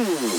Ooh.